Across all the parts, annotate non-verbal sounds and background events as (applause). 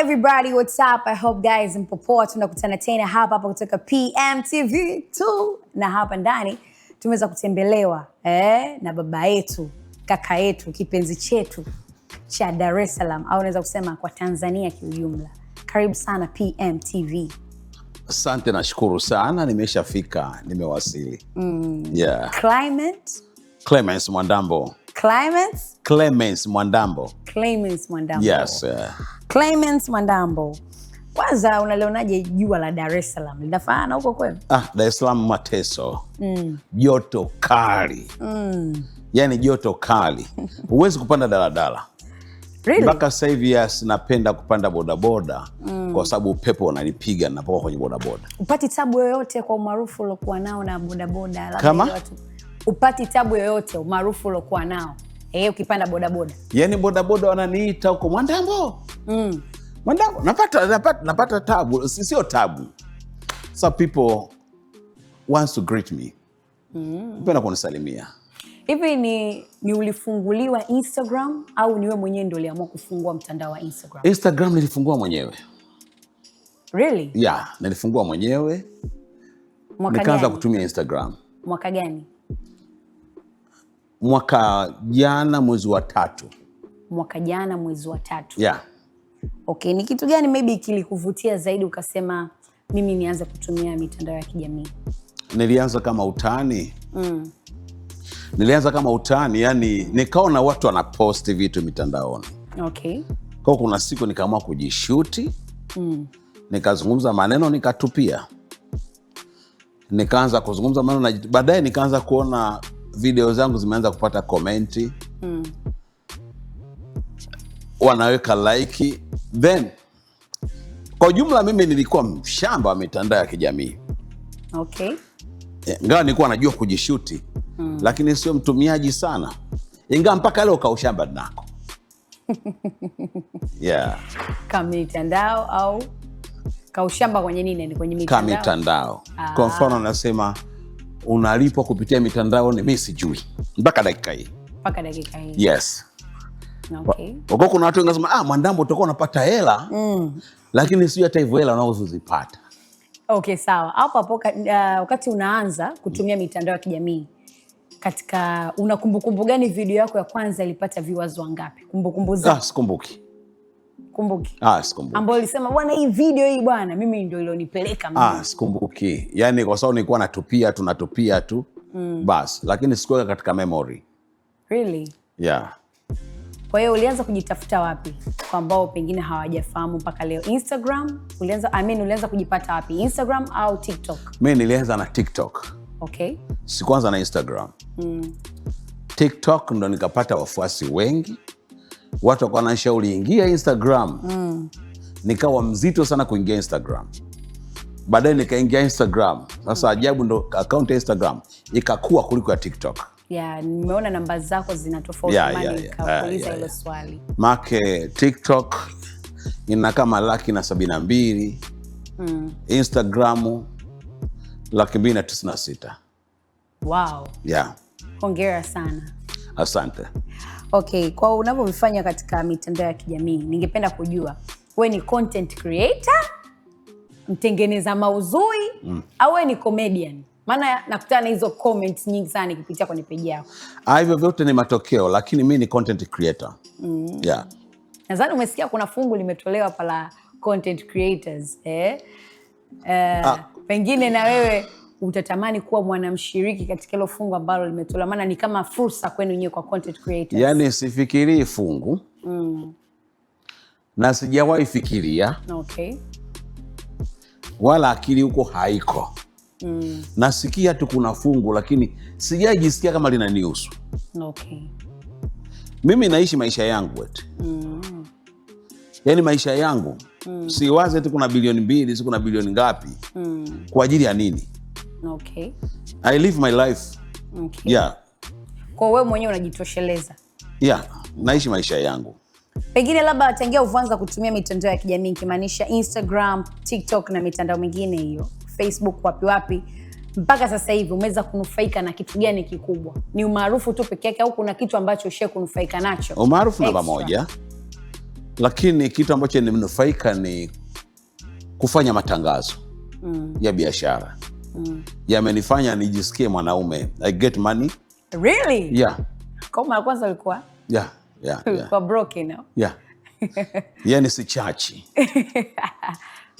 everybody, what's up? I hope guys mpo poa. Tunakutana tena hapa hapa kutoka PMTV2 na hapa ndani tumeweza kutembelewa eh, na baba yetu, kaka yetu, kipenzi chetu cha Dar es Salaam au unaweza kusema kwa Tanzania kiujumla. Karibu sana PMTV. Asante, nashukuru sana, nimeshafika, nimewasili. Mm. Yeah. Clement Clemens Mwandambo. Clemens Clemens Mwandambo. Clemens Mwandambo. Yes. Uh... Clement Mwandambo, kwanza unalionaje jua la Dar es Salaam linafaana huko kwenu? Ah, Dar es Salaam mateso, mm. joto kali mm. yaani joto kali (laughs) huwezi kupanda daladala Really? Mpaka sasa hivi sinapenda kupanda bodaboda mm. kwa sababu upepo unanipiga ninapokuwa kwenye bodaboda. Upati tabu yoyote kwa umaarufu uliokuwa nao na bodaboda? Kama? Upati tabu yoyote umaarufu uliokuwa nao Eh, ukipanda bodaboda. yani bodaboda wananiita huko Mwandambo. Mm. Mwandambo napata napata napata tabu, sio tabu. so people wants to greet me. Mm. Penda kunisalimia. Hivi ni, ni ulifunguliwa Instagram au niwe mwenyewe ndio uliamua kufungua mtandao wa Instagram? Instagram nilifungua mwenyewe. Really? Yeah, nilifungua mwenyewe. Nikaanza kutumia Instagram. Mwaka gani? mwaka jana mwezi wa tatu. Mwaka jana mwezi wa tatu, yeah. Okay, ni kitu gani maybe kilikuvutia zaidi ukasema mimi nianze kutumia mitandao ya kijamii? Nilianza kama utani mm. Nilianza kama utani, yani nikaona watu wanaposti vitu mitandaoni okay. Kwa kuna siku nikaamua kujishuti mm. Nikazungumza maneno nikatupia, nikaanza kuzungumza maneno, baadaye nikaanza kuona video zangu zimeanza kupata komenti mm. wanaweka laiki then kwa jumla mimi nilikuwa mshamba wa mitandao ya kijamii okay. Eh, ingawa nilikuwa najua kujishuti mm. lakini sio mtumiaji sana, ingawa mpaka leo kaushamba nako (laughs) yeah. au kaushamba kwenye nini? Ni kwenye mitandao. Kwa mfano ah. nasema unalipwa kupitia mitandao ni sijui mpaka dakika hii, mpaka dakika hii. Yes. Okay. Wako kuna watu wanasema ah, Mwandambo utakuwa unapata hela mm. Lakini sio hata hivyo hela unazozipata. Okay, sawa. Hapo hapo uh, wakati uh, unaanza kutumia mm. mitandao ya kijamii katika una kumbukumbu gani video yako ya kwanza ilipata viewers wangapi? Kumbukumbu Ah, Kumbuki. Ah, sikumbuki. Ambao ulisema bwana, hii video hii bwana, mimi ndio ilionipeleka mimi. Ah, sikumbuki. Yaani kwa sababu nilikuwa natupia tu natupia tu. Mm. Bas, lakini sikuweka katika memory. Really? Yeah. Kwa hiyo ulianza kujitafuta wapi? Kwa ambao pengine hawajafahamu mpaka leo. Instagram? Ulianza I mean ulianza kujipata wapi? Instagram au TikTok? Mimi nilianza na TikTok. Okay. Sikuanza na Instagram. Mm. TikTok ndo nikapata wafuasi wengi watu wakawa wananishauri ingia Instagram mm. Nikawa mzito sana kuingia Instagram, baadaye nikaingia Instagram. Sasa mm. ajabu ndo akaunti ya Instagram ikakua kuliko ya TikTok. Yeah, nimeona namba zako zina tofauti yeah, yeah, yeah, yeah, yeah. Make TikTok ina kama laki na sabini na mbili mm. Instagram laki mbili na tisini na sita. Wow. Yeah. Hongera sana. Asante. Okay, kwa unavyovifanya katika mitandao ya kijamii, ningependa kujua we ni content creator, mtengeneza mauzui mm, au we ni comedian? Maana nakutana na hizo comments nyingi sana nikipitia kwenye peji yako. Ah, hivyo vyote ni matokeo, lakini mi ni content creator mm. Yeah. Nadhani umesikia kuna fungu limetolewa pala content creators eh? Uh, ah. Pengine na wewe utatamani kuwa mwanamshiriki katika hilo fungu ambalo limetolewa, maana ni kama fursa kwenu nyewe kwa content creators. Yani sifikirii fungu mm. na sijawahi fikiria okay. wala akili huko haiko mm. nasikia tu kuna fungu lakini sijajisikia kama linanihusu okay. mimi naishi maisha yangu eti mm. yani maisha yangu mm. siwaze tu kuna bilioni mbili si kuna bilioni ngapi mm. kwa ajili ya nini Okay. I live my life. Okay. Yeah. Kwa wewe mwenyewe unajitosheleza. Yeah, naishi maisha yangu. Pengine labda tangia uvanza kutumia mitandao ya kijamii kimaanisha Instagram, TikTok na mitandao mingine hiyo, Facebook wapi wapi, mpaka sasa hivi umeweza kunufaika na kitu gani kikubwa? Ni umaarufu tu peke yake au kuna kitu ambacho ushe kunufaika nacho? Umaarufu namba moja, lakini kitu ambacho nimenufaika ni kufanya matangazo mm. ya biashara Mm. yamenifanya nijisikie mwanaume. I get money. Really? Yeah. Kwa mara kwanza ulikuwa? Yeah, yeah, yeah. broke Yeah. (laughs) Yani (laughs)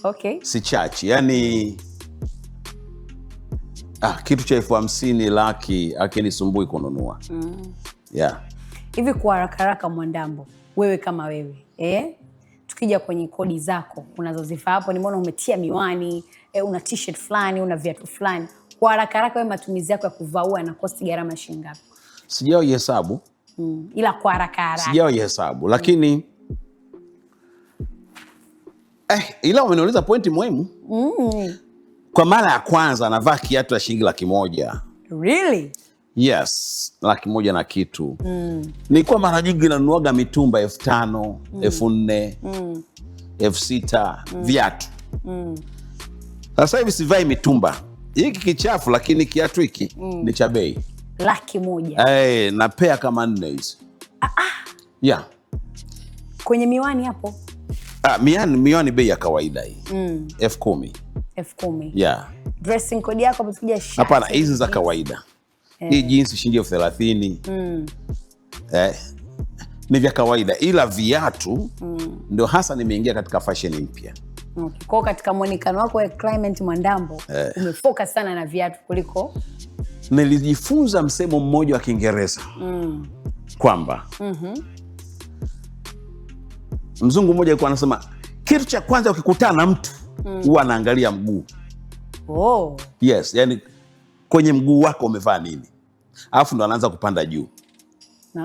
Okay. Yani ah, kitu cha elfu hamsini laki akinisumbui kununua. Mm. Yeah. Hivi kwa haraka haraka, Mwandambo, wewe kama wewe eh? Tukija kwenye kodi zako unazozifaa hapo, nimeona umetia miwani eh, una t-shirt fulani, una viatu fulani. Kwa haraka haraka wewe matumizi yako ya kuvaua na kosti gharama shilingi ngapi? Sijawahi hesabu. hmm. ila kwa haraka haraka. sijao hesabu, lakini hmm. Eh, ila umeniuliza pointi muhimu mm. Kwa mara ya kwanza navaa kiatu ya shilingi laki moja. Really? Yes, laki moja na kitu mm. Nilikuwa mara nyingi nanunuaga mitumba elfu tano mm. elfu nne mm. elfu sita mm. viatu mm. Sasa hivi sivai mitumba, hiki kichafu, lakini kiatu hiki mm. ni cha bei laki moja. Hey, eh, na pea kama nne hizi ah, ah. yeah. kwenye miwani hapo ah, miwani, miwani bei ya kawaida hii mm. elfu kumi elfu kumi yeah. dressing code yako hapana, hizi za kawaida yeah. hii jinsi shilingi elfu thelathini mm. eh, ni vya kawaida, ila viatu mm. ndio hasa nimeingia katika fashion mpya Okay. Kwao katika mwonekano wako Clement Mwandambo eh, umefoka sana na viatu kuliko. Nilijifunza msemo mmoja wa Kiingereza mm, kwamba mm -hmm. Mzungu mmoja alikuwa anasema kitu cha kwanza ukikutana na mtu mm. huwa mm, anaangalia mguu oh. Yes, yani kwenye mguu wako umevaa nini, alafu ndo anaanza kupanda juu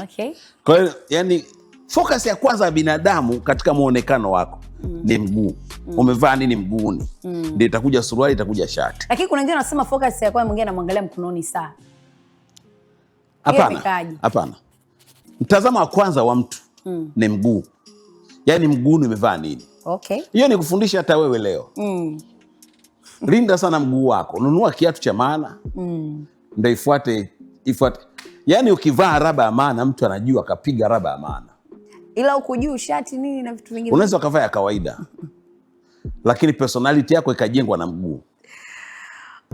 okay. Kwa hiyo yani focus ya kwanza ya binadamu katika mwonekano wako mm, ni mguu mm. umevaa nini mguuni mm. ndio itakuja suruali, itakuja shati. Lakini kuna wengine wanasema focus ya kwa mwingine anamwangalia mkononi saa. Hapana, hapana, mtazamo wa kwanza wa mtu mm. ni mguu, yaani mguuni umevaa nini? Okay, hiyo ni kufundisha hata wewe leo mm. linda sana mguu wako, nunua kiatu cha maana mm. ndo ifuate, ifuate Yaani ukivaa raba ya maana mtu anajua kapiga raba ya maana, ila ukujuu shati nini na vitu vingine unaweza ukavaa ya kawaida (laughs) lakini personality yako ikajengwa na mguu.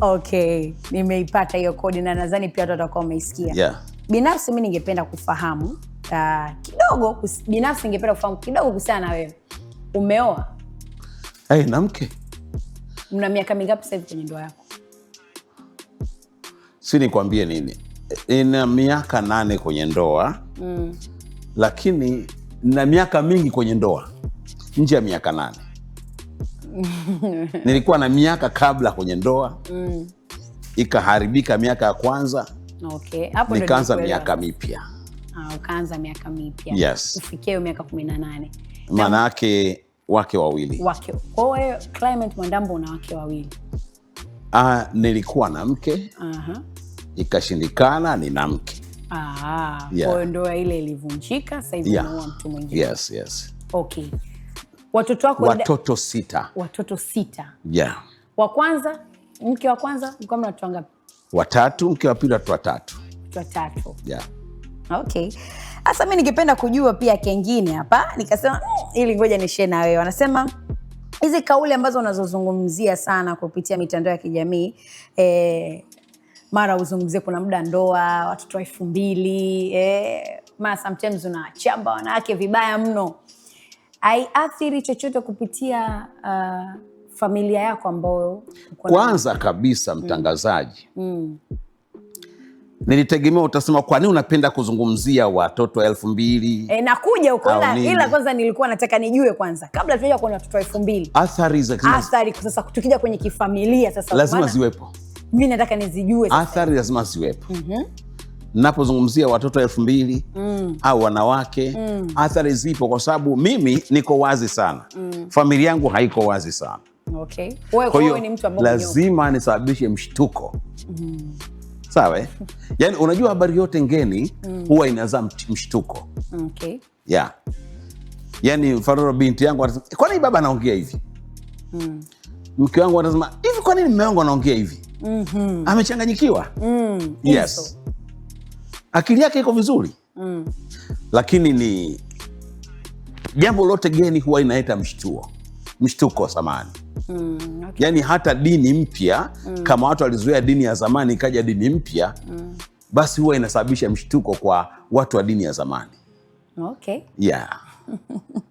Okay, nimeipata hiyo kodi na nadhani pia watu watakuwa wameisikia. Yeah. Binafsi mi ningependa kufahamu uh, kidogo kus, binafsi ningependa kufahamu kidogo kuhusiana na wewe. Umeoa? Hey, na mke. Mna miaka mingapi sasa hivi kwenye ndoa yako? Si nikwambie nini, ina miaka nane kwenye ndoa mm. Lakini na miaka mingi kwenye ndoa nje ya miaka nane nilikuwa na miaka kabla kwenye ndoa mm. Ikaharibika miaka ya kwanza okay. Nikaanza miaka mipya ah, ukaanza miaka mipya yes. Ufikie miaka kumi na nane yake wake wawili wake. Kwa hiyo Clement Mwandambo una wake wawili? Ah, nilikuwa na mke uh -huh. Ikashindikana, nina mke ah, yeah. ndoa ile ilivunjika, sahivi yeah. naua mtu mwingine yes, yes. Okay watoto wako watoto sita. Watoto sita. Yeah. Wa kwanza, mke wa kwanza mko na watoto wangapi? Watatu. Mke wa pili watoto watatu. watatu. Yeah. Okay. Sasa mimi ningependa kujua pia kengine hapa, nikasema mm, ili ngoja nishie na wewe. Wanasema hizi kauli ambazo unazozungumzia sana kupitia mitandao ya kijamii eh, mara uzungumzie kuna muda ndoa watoto elfu mbili eh, mara sometimes unachamba wanawake vibaya mno haiathiri chochote kupitia uh, familia yako ambayo kwanza kabisa mm. mtangazaji mm. Mm. Nilitegemea utasema kwa nini unapenda kuzungumzia watoto elfu mbili e, nakuja huko ila kwanza nilikuwa nataka nijue kwanza kabla tuja kuona watoto elfu mbili athari za athari sasa tukija kwenye kifamilia sasa lazima ziwepo. mi nataka nizijue athari lazima ziwepo mm -hmm napozungumzia watoto elfu mbili mm. au wanawake mm. athari zipo, kwa sababu mimi niko wazi sana mm. familia yangu haiko wazi sana okay. Kwa hiyo lazima nisababishe mshtuko mm. Sawa, eh? (laughs) yani unajua habari yote ngeni mm. huwa inazaa mshtuko okay. yeah. Yani mfano binti yangu anasema kwa nini baba anaongea hivi mm. mke wangu anasema hivi, kwa nini mume wangu anaongea hivi mm -hmm. amechanganyikiwa mm. yes akili yake iko vizuri mm. Lakini ni jambo lote geni huwa inaleta mshtuo, mshtuko samani mm, okay. yani hata dini mpya mm. kama watu walizoea dini ya zamani ikaja dini mpya mm. basi huwa inasababisha mshtuko kwa watu wa dini ya zamani okay. yeah. (laughs)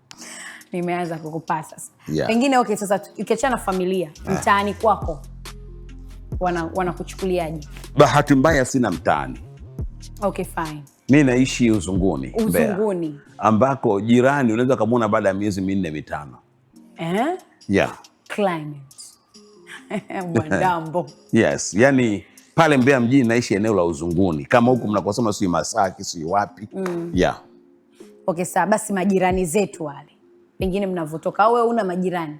Nimeanza kukupasa yeah. Pengine okay, sasa ukiachana familia yeah. Mtaani kwako wanakuchukuliaje? Wana bahati mbaya sina mtaani Okay, fine. Mi naishi Uzunguni, Uzunguni. Mbeya, ambako jirani unaweza kamwona baada ya miezi minne mitano eh? yeah. (laughs) (laughs) yes, yani pale Mbeya mjini naishi eneo la Uzunguni kama huku mnakosema si Masaki si wapi mm. yeah. Okay, sawa basi majirani zetu wale pengine mnavotoka au wewe una majirani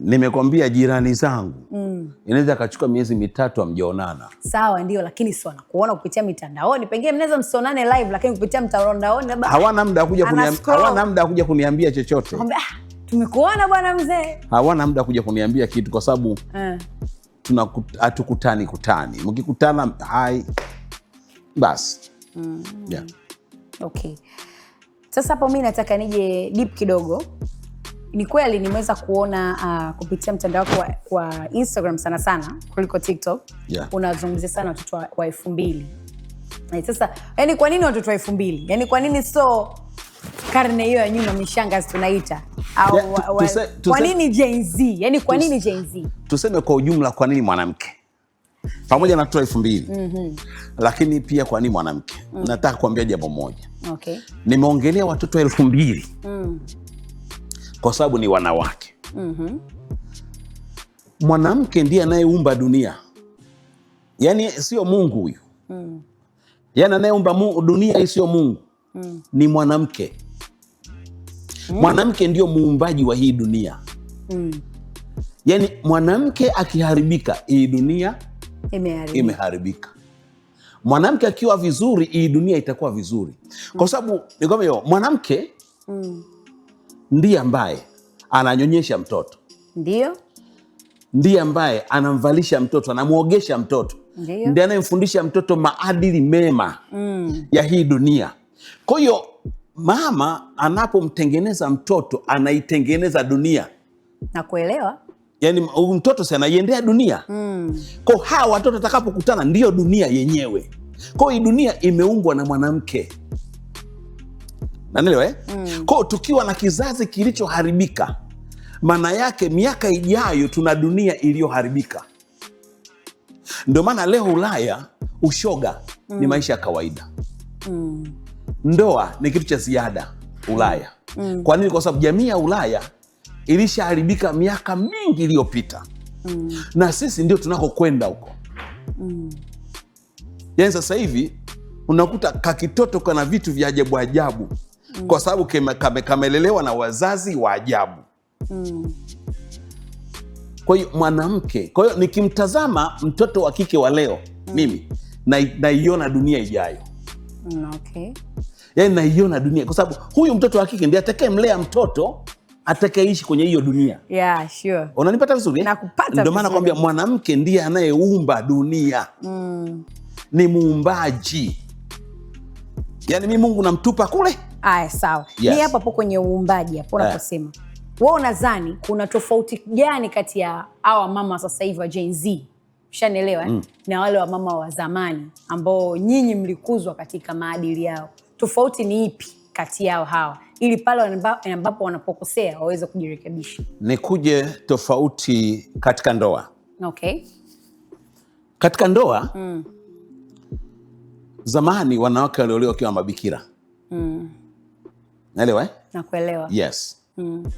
nimekwambia jirani zangu mm. inaweza akachukua miezi mitatu amjaonana. Sawa, ndio, lakini si wanakuona kupitia mitandaoni, pengine mnaweza msionane live, lakini kupitia mtandaoni hawana muda kuja kuniambia, hawana muda kuja kuniambia chochote. Ah, tumekuona bwana mzee, hawana muda kuja kuniambia kitu kwa sababu mm. Eh. tuna hatukutani kutani, mkikutana hai basi mm. yeah. Okay, sasa hapo mi nataka nije deep kidogo ni kweli nimeweza kuona uh, kupitia mtandao wako wa, Instagram sana sana kuliko TikTok yeah. Unazungumzia sana watoto wa, wa elfu mbili sasa. Yani kwa nini watoto wa elfu mbili? Yani kwa nini so karne hiyo ya nyuma mishangazi tunaita au yeah, tuse, tuse, kwa nini Gen Z? Yani kwa nini Gen Z? Tuseme kwa ujumla, kwa nini mwanamke pamoja na watoto wa elfu mbili mm -hmm. Lakini pia kwa nini mwanamke mm -hmm. Nataka kuambia jambo moja okay. Nimeongelea watoto wa elfu mbili mm -hmm kwa sababu ni wanawake. mm -hmm. Mwanamke ndiye anayeumba dunia, yaani sio Mungu huyu. mm. Yaani anayeumba dunia hii sio Mungu. mm. Ni mwanamke. mm. Mwanamke ndio muumbaji wa hii dunia. mm. Yaani mwanamke akiharibika, hii dunia imeharibika, imeharibika. Mwanamke akiwa vizuri, hii dunia itakuwa vizuri, kwa sababu mwanamke mm ndiye ambaye ananyonyesha mtoto, ndio ndiye ambaye anamvalisha mtoto, anamwogesha mtoto, ndiye anayemfundisha mtoto maadili mema mm. ya hii dunia. Kwa hiyo mama anapomtengeneza mtoto anaitengeneza dunia na kuelewa, yani mtoto si anaiendea dunia mm. ko hawa watoto atakapokutana, ndiyo dunia yenyewe. kwao hii dunia imeumbwa na mwanamke nanelewa eh? Mm. Kwao tukiwa na kizazi kilichoharibika, maana yake miaka ijayo tuna dunia iliyoharibika. Ndio maana leo Ulaya ushoga mm. ni maisha ya kawaida mm. ndoa ni kitu cha ziada Ulaya mm. mm. kwa nini? Kwa sababu jamii ya Ulaya ilishaharibika miaka mingi iliyopita mm. na sisi ndio tunakokwenda huko mm. yani sasa hivi unakuta kakitoto kana vitu vya ajabu ajabu mm. kwa sababu kamelelewa na wazazi wa ajabu mm. Kwa hiyo mwanamke, kwa hiyo nikimtazama mtoto wa kike wa leo mm. mimi naiona na dunia ijayo mm, okay. Yani naiona dunia, kwa sababu huyu mtoto wa kike ndi atakayemlea mtoto atakayeishi kwenye hiyo dunia yeah, sure. Unanipata vizuri? Ndio maana kwambia mwanamke ndiye anayeumba dunia mm. Ni muumbaji, yani mi Mungu namtupa kule Aya, sawa. Yes. Ni hapa hapo kwenye uumbaji hapo eh. unaposema yeah. Wewe unadhani kuna tofauti gani kati ya hawa mama sasa hivi wa Gen Z ushanielewa eh? mm. na wale wamama wa zamani ambao nyinyi mlikuzwa katika maadili yao, tofauti ni ipi kati yao hawa, ili pale ambapo wanapokosea waweze kujirekebisha? Nikuje tofauti katika ndoa. Okay. Katika ndoa mm. zamani wanawake walioliwa wakiwa mabikira mm naelewa eh? Nakuelewa. Yes. Mm.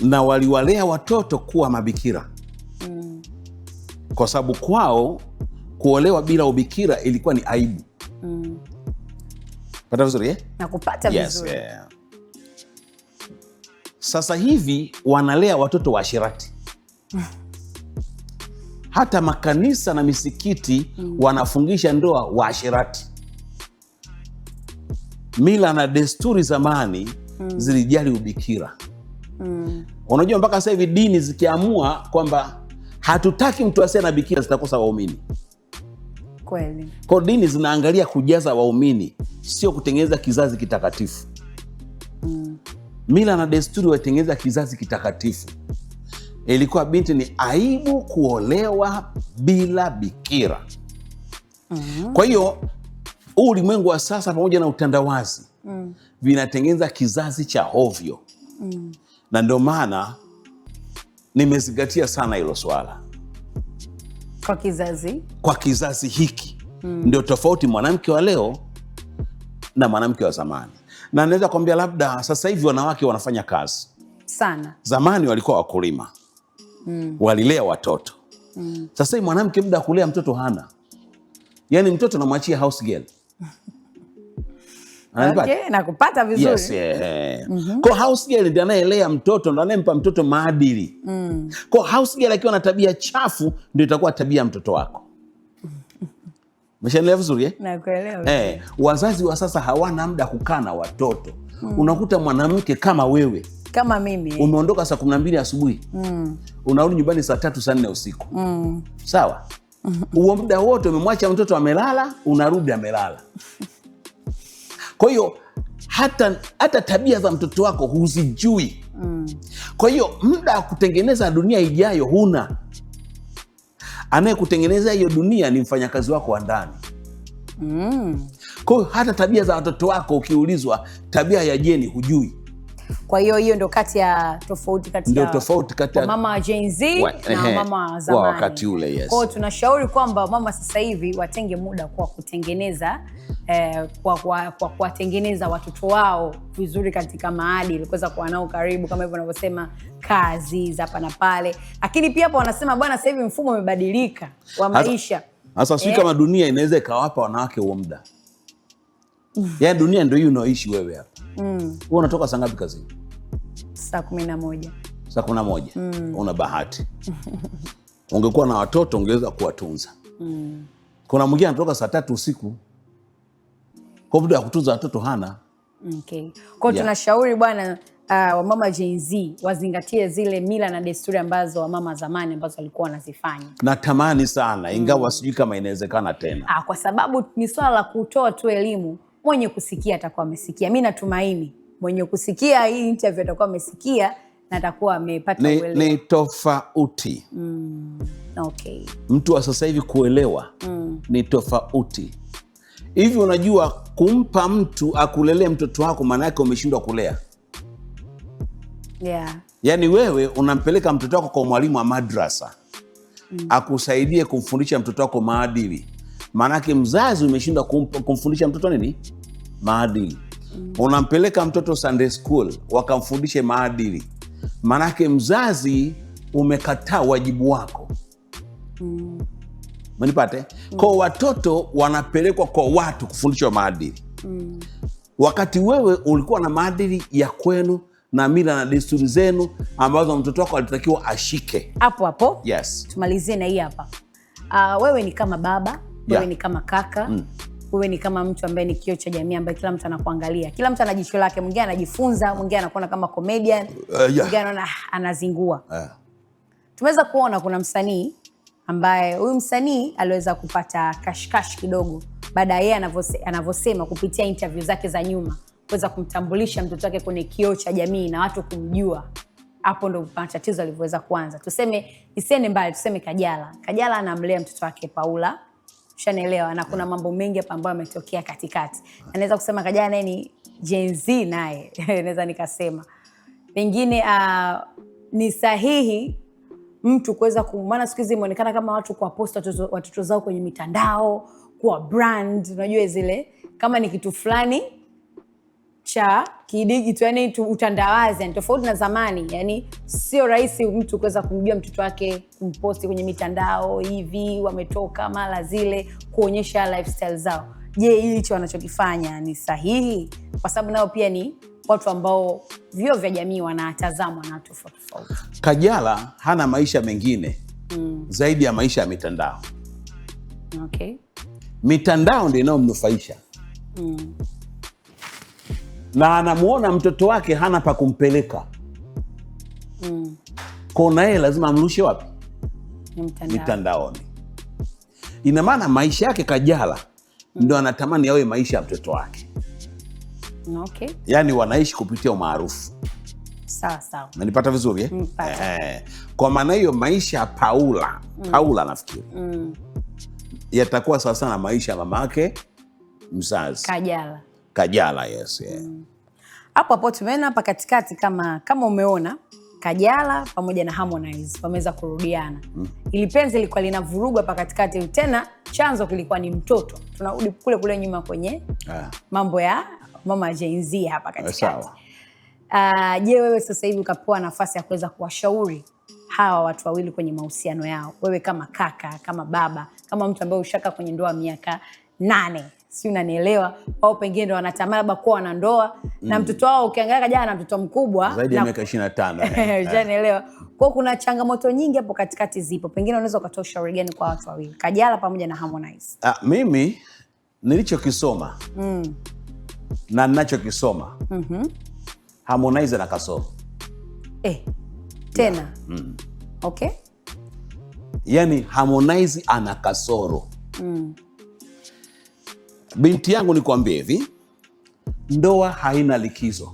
Na waliwalea watoto kuwa mabikira mm. kwa sababu kwao kuolewa bila ubikira ilikuwa ni aibu mm. pata vizuri eh? Nakupata vizuri. Yes, yeah. Sasa hivi wanalea watoto waashirati (laughs) hata makanisa na misikiti mm. wanafungisha ndoa waashirati mila na desturi zamani mm. zilijali ubikira mm. Unajua, mpaka sasa hivi dini zikiamua kwamba hatutaki mtu asie na bikira zitakosa waumini ko dini zinaangalia kujaza waumini, sio kutengeneza kizazi kitakatifu mm. Mila na desturi walitengeneza kizazi kitakatifu. Ilikuwa binti ni aibu kuolewa bila bikira. Mm-hmm. Kwa hiyo huu ulimwengu wa sasa pamoja na utandawazi mm. vinatengeneza kizazi cha hovyo mm. na ndio maana nimezingatia sana hilo swala kwa kizazi, kwa kizazi hiki mm. ndio tofauti mwanamke wa leo na mwanamke wa zamani, na naweza kuambia labda sasa hivi wanawake wanafanya kazi sana. Zamani walikuwa wakulima mm. walilea watoto mm. Sasa hivi mwanamke muda wa kulea mtoto hana, yaani mtoto anamwachia house girl okay, nakupata vizuri yes, yeah, mm -hmm. Kwa house girl ndiye anayelea mtoto ndo anayempa mtoto maadili mm. Kwa house girl akiwa na tabia chafu ndio itakuwa tabia ya mtoto wako Umeshanielewa vizuri eh? Nakuelewa. Eh, wazazi wa sasa hawana muda kukaa na watoto mm. Unakuta mwanamke kama wewe kama mimi eh. umeondoka saa kumi na mbili asubuhi mm. Unarudi nyumbani saa tatu saa nne usiku mm. Sawa, (laughs) huo muda wote umemwacha mtoto amelala, unarudi amelala (laughs) Kwa hiyo hata, hata tabia za mtoto wako huzijui. Mm. Kwa hiyo muda wa kutengeneza dunia ijayo huna. Anayekutengeneza hiyo dunia ni mfanyakazi wako wa ndani. Mm. Kwa hiyo hata tabia za watoto wako ukiulizwa tabia ya jeni hujui. Kwa hiyo hiyo ndo kati ya tofauti kati ya tofauti kati ya mama Gen Z na mama zamani wa wakati ule, yes. Kwao tunashauri kwamba mama sasa hivi watenge muda kwa kutengeneza eh, kwa kuwatengeneza watoto wao vizuri katika maadili, kuweza kuwa nao karibu kama hivyo wanavyosema kazi za hapa na pale, lakini pia hapo wanasema bwana, sasa hivi mfumo umebadilika wa maisha sasa, si eh? kama dunia inaweza ikawapa wanawake huo muda, (laughs) yaani dunia ndio hii unaoishi wewe hapa mm. Wewe unatoka saa ngapi kazini? saa kumi na moja. saa kumi na moja mm. Una bahati (laughs) ungekuwa na watoto ungeweza kuwatunza mm. Kuna mwingine anatoka saa tatu usiku kwa muda ya kutunza watoto hana. Okay. Kwa yeah. Tunashauri bwana uh, wamama Gen Z wazingatie zile mila na desturi ambazo wamama zamani ambazo walikuwa wanazifanya. Natamani sana ingawa mm. sijui kama inawezekana tena. Ah, kwa sababu ni swala la kutoa tu elimu mwenye kusikia atakuwa amesikia. Mi natumaini mwenye kusikia hii interview atakuwa amesikia na atakuwa amepata ni, ni tofauti mm. Okay. Mtu wa sasa hivi kuelewa mm. ni tofauti hivi. Unajua, kumpa mtu akulelee mtoto wako maana yake umeshindwa kulea yeah. Yani wewe unampeleka mtoto wako kwa mwalimu wa madrasa mm. akusaidie kumfundisha mtoto wako maadili Maanake mzazi umeshindwa kumfundisha mtoto nini? Maadili. Mm. Unampeleka mtoto Sunday school wakamfundishe maadili, maanake mzazi umekataa wajibu wako. Mm. Menipate? Mm. Kwa watoto wanapelekwa kwa watu kufundishwa maadili. Mm. Wakati wewe ulikuwa na maadili ya kwenu na mila na desturi zenu ambazo mtoto wako alitakiwa ashike hapo hapo. Yes. Tumalizie na hii hapa. Uh, wewe ni kama baba wewe yeah. ni kama kaka mm wewe ni kama mtu ambaye ni kio cha jamii ambaye kila mtu anakuangalia, kila mtu ana jicho lake. Mwingine anajifunza, mwingine anakuona kama comedian, uh, yeah. mwingine anaona anazingua uh. Tumeweza kuona kuna msanii ambaye huyu msanii aliweza kupata kashkash kidogo baada ya yeye anavyosema kupitia interview zake za nyuma kuweza kumtambulisha mtoto wake kwenye kioo cha jamii na watu kumjua. Hapo ndo matatizo alivyoweza kuanza. Tuseme isiende mbali, tuseme Kajala. Kajala anamlea mtoto wake Paula Ushanielewa? Na kuna mambo mengi hapa ambayo yametokea katikati, naweza kusema kajana naye ni Gen Z naye (laughs) naweza nikasema pengine uh, ni sahihi mtu kuweza kumaana, siku hizi imeonekana kama watu kuwaposta watoto zao kwenye mitandao, kuwa brand, unajua zile kama ni kitu fulani cha kidijitali, yani utandawazi, yani tofauti na zamani. Yani sio rahisi mtu kuweza kumjua mtoto wake, kumposti kwenye mitandao hivi, wametoka mara zile, kuonyesha lifestyle zao. Je, hicho wanachokifanya ni sahihi? Kwa sababu nao pia ni watu ambao vio vya jamii wanatazamwa na tofauti tofauti. Kajala hana maisha mengine mm, zaidi ya maisha ya mitandao. Okay. Mitandao ndio inayomnufaisha mm na anamwona mtoto wake hana pa kumpeleka mm. Ko naye lazima amrushe wapi? Mitandaoni. Ina maana maisha yake Kajala mm. ndo anatamani awe maisha ya mtoto wake hmm, okay. Yaani wanaishi kupitia umaarufu Nanipata vizuri eh? Eh, kwa maana hiyo maisha ya Paula mm. Paula nafikiri mm. yatakuwa sawa sana maisha ya mama wake mzazi Kajala. Kajala, yes, yeah. Hapo hapo tumeona hapa katikati kama kama umeona Kajala pamoja na Harmonize wameweza kurudiana. Mm. Ili penzi lilikuwa linavuruga hapa katikati, tena chanzo kilikuwa ni mtoto. Tunarudi kule kule nyuma kwenye ah, mambo ya mama Gen Z hapa katikati. Uh, je, wewe sasa hivi ukapewa nafasi ya kuweza kuwashauri hawa watu wawili kwenye mahusiano yao, wewe kama kaka, kama baba, kama mtu ambaye ushaka kwenye ndoa miaka nane si unanielewa? Au pengine ndo wanatamani labda kuwa wanandoa mm. na mtoto wao ukiangalia kajana na mtoto mkubwa zaidi ya miaka ishirini na tano ushanielewa. (laughs) Eh. Kwao kuna changamoto nyingi hapo katikati zipo, pengine unaweza ukatoa ushauri gani kwa watu wawili Kajala pamoja na Harmonize? Ah, mimi nilichokisoma mm. na nnachokisoma mm -hmm. Harmonize ana kasoro eh, tena yeah. mm. okay. Yani Harmonize ana kasoro mm. Binti yangu, kuambia hivi, ndoa haina likizo.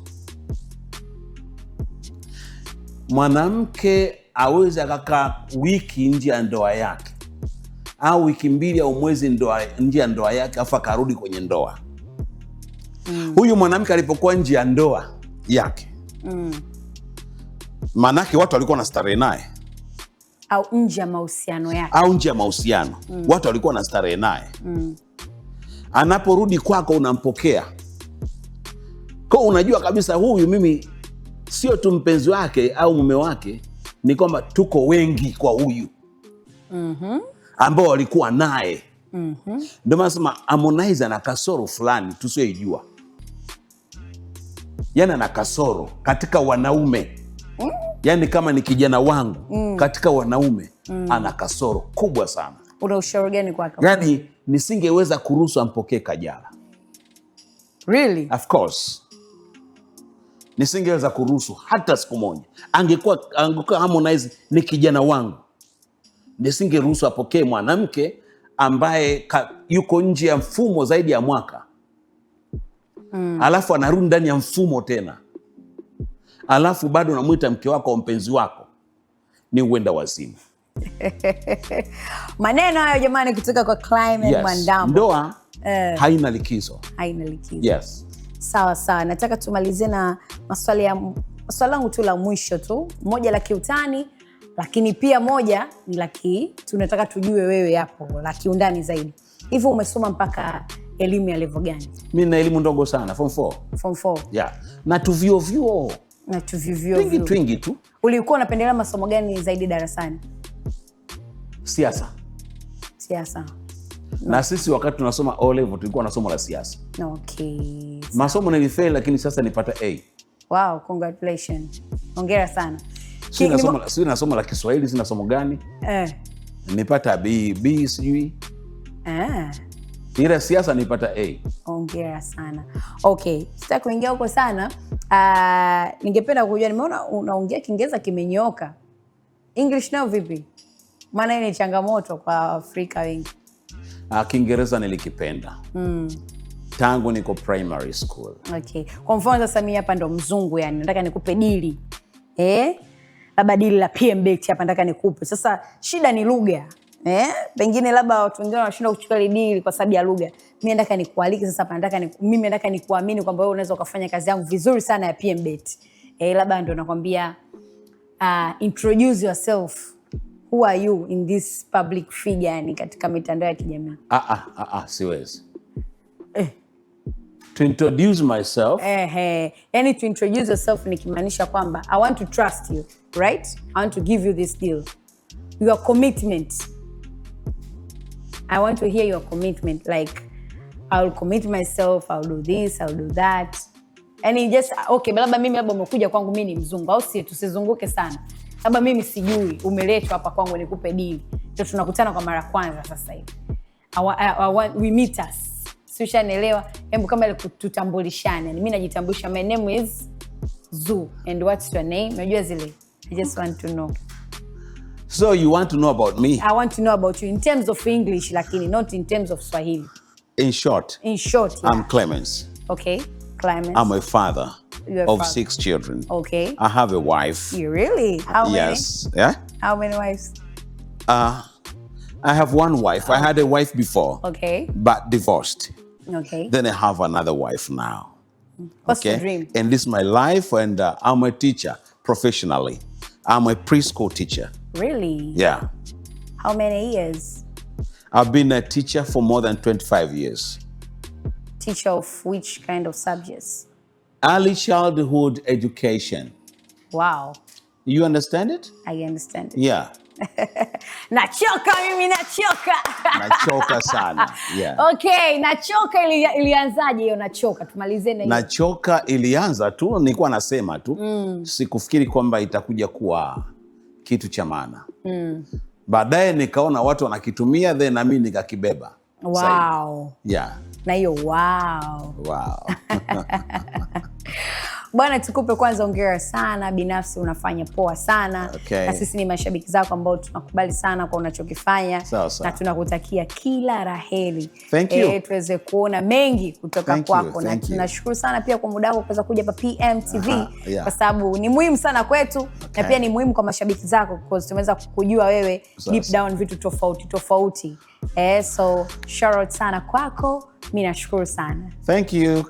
Mwanamke awezi akakaa wiki nje ya ndoa yake au wiki mbili au mwezi nje ya ndoa yake afu akarudi kwenye ndoa mm. Huyu mwanamke alipokuwa nje ya ndoa yake mm. maanake watu walikuwa na starehe naye au nje ya mahusiano yake au nje ya mahusiano mm. watu walikuwa na starehe naye mm anaporudi kwako unampokea kwa, unajua kabisa huyu mimi sio tu mpenzi wake au mume wake, ni kwamba tuko wengi kwa huyu mm -hmm. ambao walikuwa naye mm -hmm. maana sema Harmonize ana kasoro fulani tusioijua, yani ana kasoro katika wanaume mm -hmm. Yani kama ni kijana wangu mm -hmm. katika wanaume mm -hmm. ana kasoro kubwa sana. Una ushauri gani kwake? Yani nisingeweza kuruhusu ampokee Kajala. Really? Of course. Nisingeweza kuruhusu hata siku moja. Angekuwa angekuwa Harmonize ni kijana wangu, nisingeruhusu apokee mwanamke ambaye ka, yuko nje ya mfumo zaidi ya mwaka mm. Alafu anarudi ndani ya mfumo tena, alafu bado unamwita mke wako wa mpenzi wako, ni uenda wazimu. (laughs) maneno hayo jamani, kutoka kwa Clymen yes. Mwandambo. Ndoa uh, haina likizo, haina likizo. Yes. Sawa sawa, nataka tumalizie na maswali ya swali langu tu la mwisho tu, moja la kiutani lakini pia moja ni la ki, tunataka tujue wewe hapo la kiundani zaidi. Hivyo umesoma mpaka elimu ya levo gani? Mi na elimu ndogo sana, form 4. Form 4. Yeah. na tuvyovyoo na tuvyovyoo twingi twingi tu. Ulikuwa unapendelea masomo gani zaidi darasani? siasa siasa na sisi wakati tunasoma O level tulikuwa na somo la siasa okay. masomo nilifeli lakini sasa nipata A. Wow, congratulations. Hongera sana. Si na somo la Kiswahili sina somo gani eh. nipata B, B sijui eh. ila siasa nipata A. Hongera sana. Okay, sitaki kuingia huko sana. Uh, ningependa kujua, nimeona unaongea Kiingereza kimenyoka, English nao vipi? maana hii ni changamoto kwa Afrika wengi. Ah, Kiingereza nilikipenda mm. tangu niko primary school. Okay. Kwa mfano sasa mimi hapa ndo mzungu yani, nataka nikupe dili eh? labda dili la PMBET hapa nataka nikupe. Sasa shida ni lugha eh? Pengine labda watu wengine wanashindwa kuchukua ile dili kwa sababu ya lugha. Mimi nataka nikualike sasa hapa, nataka ni, mimi nataka nikuamini kwamba wewe unaweza ukafanya kazi yangu vizuri sana ya PMBET eh, labda ndo nakwambia uh, introduce yourself who are you in this public figure, yani katika mitandao ya kijamii? Ah, ah, ah, ah, siwezi eh. To introduce myself. Eh, eh. Yani to introduce yourself nikimaanisha kwamba I want to trust you, right? I want to give you this deal. Your commitment. I want to hear your commitment like I'll commit myself, I'll do this, I'll do that. Yani just okay, labda mimi labda umekuja kwangu mimi ni mzungu au si tusizunguke sana labda mimi sijui, umeletwa hapa kwangu nikupe dili, ndo tunakutana kwa mara kwanza sasa hivi, we meet us, si Hebu kama tutambulishane, mi najitambulisha, my name is Zu and what's your name, najua zile, I just want to know So you want to know about me? I want to know about you in terms of English lakini not in terms of Swahili. In short. In short. Yeah. I'm Clemens. Okay, Clemens. I'm a father. You're of six children. Okay. I have a wife. You really? How many? Yes. Yeah. How many wives? Uh, I have one wife. I had a wife before. Okay. But divorced. Okay. Then I have another wife now. What's okay? dream? And this is my life, and uh, I'm a teacher professionally. I'm a preschool teacher. Really? Yeah. How many years? I've been a teacher for more than 25 years. Teacher of which kind of subjects? early childhood education. Wow. You understand it? I understand it. Yeah. (laughs) Nachoka mimi nachoka. Nachoka (laughs) sana. Yeah. Okay, nachoka ili, ilianzaje hiyo nachoka? Tumalize na Nachoka ilianza tu nilikuwa nasema tu. Mm. Sikufikiri kwamba itakuja kuwa kitu cha maana. Mm. Baadaye nikaona watu wanakitumia then na mimi nikakibeba. Wow. Saidi. Yeah na wow. Wow. (laughs) Bwana, tukupe kwanza ongera sana, binafsi unafanya poa sana okay. Na sisi ni mashabiki zako ambao tunakubali sana kwa unachokifanya so, so. Na tunakutakia kila raheli e, eh, tuweze kuona mengi kutoka Thank kwako na tunashukuru sana pia kwa muda wako kuweza kuja hapa PMTV yeah. Kwa sababu ni muhimu sana kwetu okay. Na pia ni muhimu kwa mashabiki zako tumeweza kujua wewe so, deep down so. Vitu tofauti tofauti Eh, so shout out sana kwako, mi nashukuru sana. Thank you.